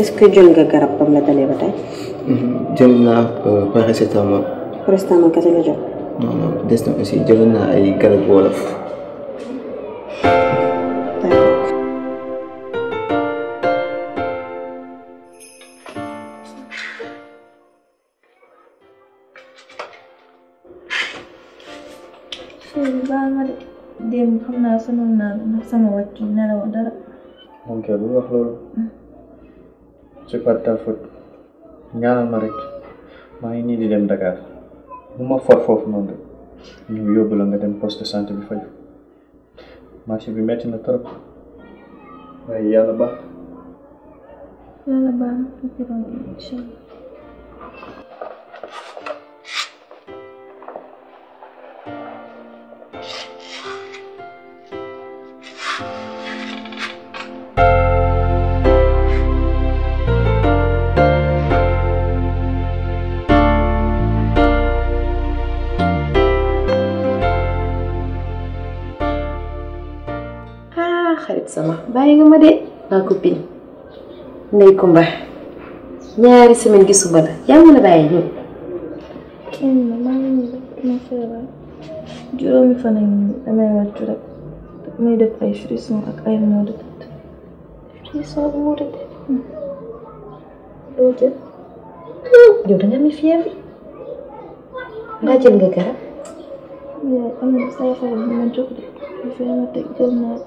est-ce que jël nga garab ba mu la dalee ba tey. jël naa paracétamol. paracétamol kese nga jot. non non des na aussi jël naa ay garab wolof. Sori baal ma de démb xam naa sonal sama wàcc nelaw dara. ok bu wax loolu cepat tafut ngal marik ma ini di dem dakar uma for for non do ni yo bulan ga dem poste sante bi fay ma ci bi metti na torop ay yalla ba yalla ya, iya ba iya ci ron ma copine ko Comba ñaari semaine gi suba la yaa mën a bàyyi ñëw. kenn ma ngi ma mi juróomi fan ak damay wàccu rek may def ay frisson ak ay mo de tête. frisson ak maux de do je yo da nga mi fièvre. nga jël nga garab. ya am na saafara bu ma jox de. dafay na tek jël na ko.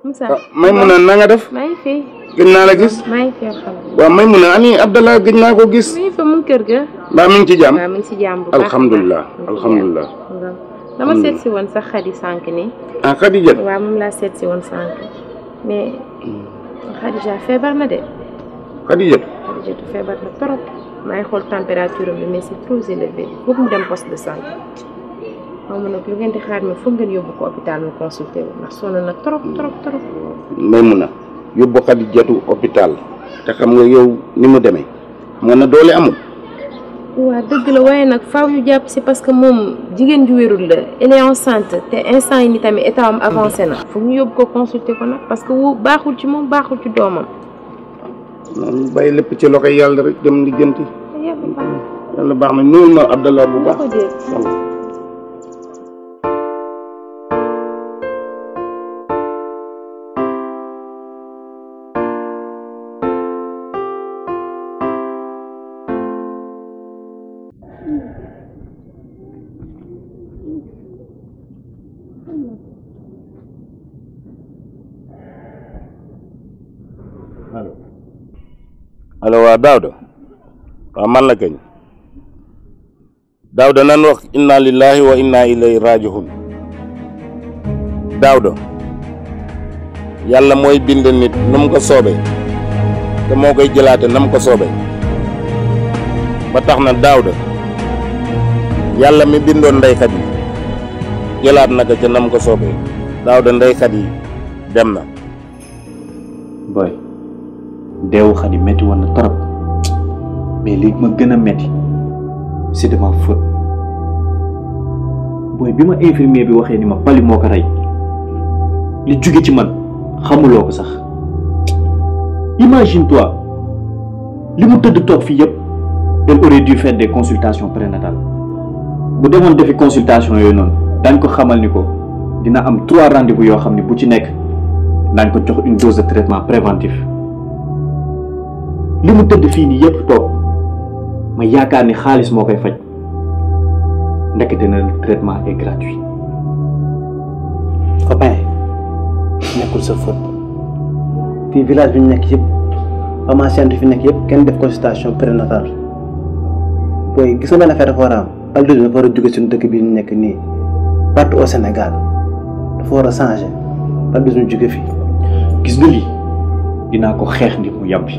Moussa ah, Maymuna na nga def. may fi. gëj naa la gis. maa ngi fi ya waaw Maymuna ani Abdallah gëj naa ko gis. may fi mu kër ga. ba mi ci jàmm. ba mi ci jàmm bu alhamdullah alhamdullah dama set ci won sax Khady sank ni ah Khady jël. wa moom la set ci won sank mais hmm. ja febar na de. Khady jël. Khady jël febar na trop. maay xool température bi mais c'est trop élevé foog mu dem poste de santé xaw ma nag lu ngeen di xaar mais foog ngeen yóbbu ko hôpital mu consulté wu ndax sonn na trop trop trop. may mun a yóbbu Xadijatu hôpital te xam nga yow ni mu demee xam nga na doole amul. waaw dëgg la waaye nag faaw yu jàpp si parce que moom jigéen ju wérul la elle est enceinte te instant yi ni tamit état am avancé na. foog ñu yóbbu ko consulté ko nag parce que wu baaxul ci moom baaxul ci doomam. noonu bàyyi lépp ci loxo yàlla rek dem di jënti yàlla baax na ñuul ma Abdallah bu baax allo waa Daouda man la kañ Daouda nan wax inna lillahi wa inna ilayhi rajiun Daouda yàlla mooy bind nit nu mu ko soobee te moo koy jëlaate na ko soobee ba tax na Daouda yàlla mi bindoon ndeykat yi jëlaat naka ca na mu ko soobee Daouda ndeykat yi dem na deewu Xadi métti woon na torop mais li ma gën a métti c'est de ma booy bi ma infirmier bi waxee ni ma pali moo ko rey li jóge ci man xamuloo ko sax imagine toi li mu tëdd toog fii yëpp elle aurait dû faire des consultations prénatales bu demoon defi consultation yooyu noonu dañ ko xamal ni ko dina am trois rendez-vous yoo xam ne bu ci nekk daañ ko jox une dose de traitement préventif li mu tëdd fii nii yëpp toog ma yaakaar ni xaalis moo koy faj ndekete na traitement est gratuit. copain nekkul sa faute fii village bi ñu nekk yëpp pharmacien fi nekk yëpp kenn def consultation prénatale booy gis nga benn affaire dafa war a am paludisme dafa war a jóge suñu dëkk bi ñu nekk nii partout au Sénégal dafa war a changer paludisme jóge fi gis nga lii dinaa ko xeex nit mu yàbbi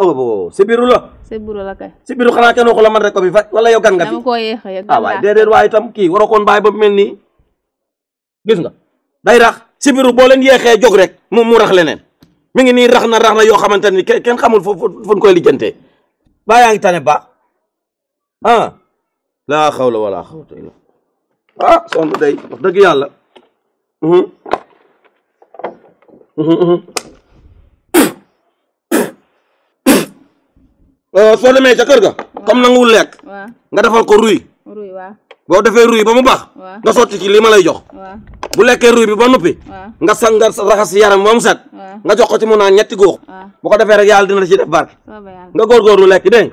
Oh, oh, oh si biiru la. si biiru la kay. si biiru xanaa kenn waxu la man rek ko bi fa wala yow nga fi. a yegg ah waay déedéet waaye itam kii waroo koon ba mel nii gis nga day rax si biiru boo leen yéexee jóg rek mu mu rax leneen mu ngi nii rax na rax na yoo xamante ni kenn xamul fu fu ñu koy lijjantee. baa yaa ngi tane ba ah laa xawla wala xawta illa ah soxna day wax dëgg yàlla. Mhm. Mhm, mhm. Euh, soo demee ca kër ga. comme nanguwul lekk. nga defal ko ruy. boo defee ruy ba mu baax. nga sotti ci lii ma lay jox. bu lekkee ruy bi ba noppi. nga sang nga raxas yaram ba mu set. nga jox ko ci mu naan ñetti góox. bu ko defee rek yàlla dina la ci def barke. nga góorgóorlu lekk dégg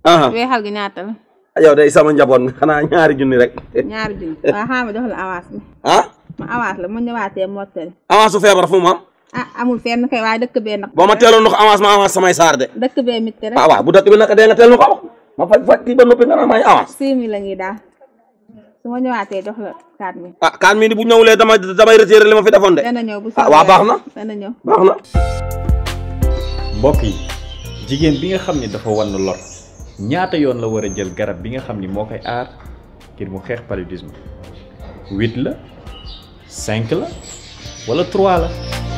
nga. weexal gi ñaata la. yow day sama njaboot mi xanaa ñaari junni rek. ñaari junni waaw xaaral ma jox la avance bi. ah ma avance la mu ñëwaatee mottali. avance su feebar fu mu ah amul fenn kay waaye dëkk bee nag. boo ma teeloon ndox avance ma avance samay saar de. dëkk bee mit rek ah bu dëkk bi naka dee nga teel ma ko ma faj faj kii ba noppi nga naan may avance. six mille la ñuy daal su ma ñëwaatee jox la quatre mille. Ah, bu ñëwulee damay damay retiré ma fi defoon de. dana ñëw bu ah waaw baax na dana ñëw mbokk yi jigéen bi nga xam ni dafa wan lor ñaata yoon la war a jël garab bi nga xam ni moo koy aar ngir mu xeex paludisme huit la cinq la wala trois la.